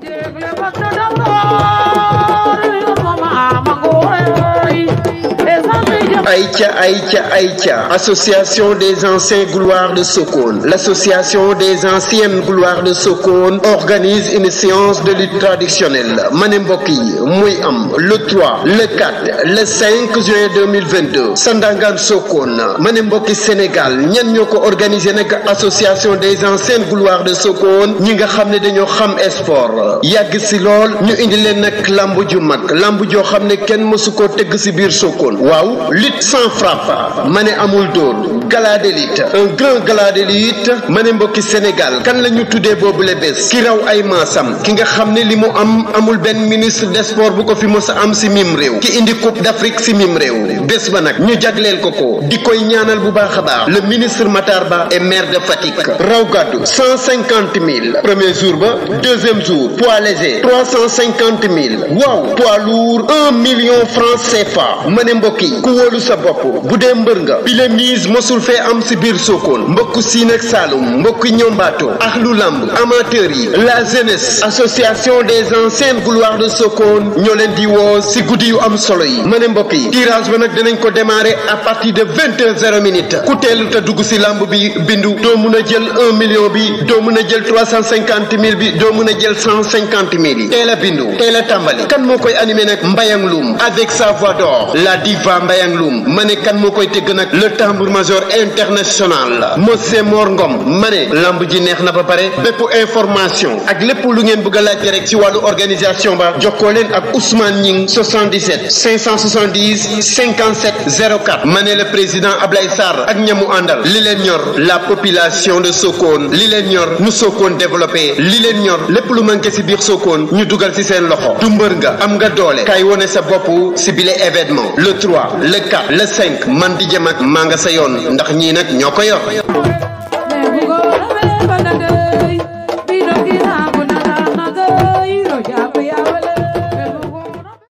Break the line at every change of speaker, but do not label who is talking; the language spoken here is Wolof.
Direkt yapacağım. Aïcha Aïcha Aïcha, Association des anciens gloires de Sokone. L'association des anciennes gloires de Sokone organise une séance de lutte traditionnelle. Manemboki Mouiam, le 3, le 4, le 5 juin 2022. Sandangan Sokone, Manemboki Sénégal, Nyan ñoo ko organiser association des anciennes gloires de Sokone ñi nga de ne dañoo xam sport yàgg si lool ñu indi leen nag lutte sans frappe Mané amul gala un grand Galadelite d'élite Sénégal kan la ñu tuddee boobu le bés ki raw ay maasam ki am amul ministre des sports bu ko fi am si mim ki indi coupe d'Afrique si mim réew bés ba nag ñu le ministre Matarba est maire de Fatik. raw Gadou. 000. premier jour ba deuxième jour poids léger 350 Wow. Wow. poids lourd 1 million francs CFA Mané Mboki sa bopp boudé mbeur nga pile mise mosul am ci bir Sokone mbokku siin ak Saloum mbokku ñombaato akhlu lamb amateur yi la jeunesse association des anciens gouloirs de Sokone ñoo leen di wo ci goudi yu am solo yi mané mbokk tirage ba nak dinañ ko démarrer à partir de vingt h zéro minute ku teelu dugg lamb bi bindu do mëna jël un million bi do mëna jël trois cent mille bi do mëna jël cent cinquante mille yi teel a bindu teel kan mo koy animer nak Mbayang avec sa voix d'or la diva Mbayang mané kan mo koy tégg nak le tambour major international monsieur Mor Ngom mané lamb ji neex na ba paré bép information ak lépp lu ngeen bëgg a rek ci walu organisation ba ak Ousmane 77 570 57 04 mané le président Ablaye Sar, ak ñamu andal li leen ñor la population de Sokone li leen ñor nu Sokone développé li leen ñor lépp lu manké ci biir Sokone ñu duggal ci seen loxo du nga am nga doole kay woné sa bop ci bile événement le 3 le 4 le 5 man di jëm ak maa nga sa yoon ndax ñii nag ñoo ko yor